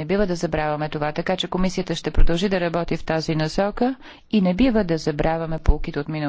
Не бива да забравяме това, така че комисията ще продължи да работи в тази насока и не бива да забравяме полките от миналото.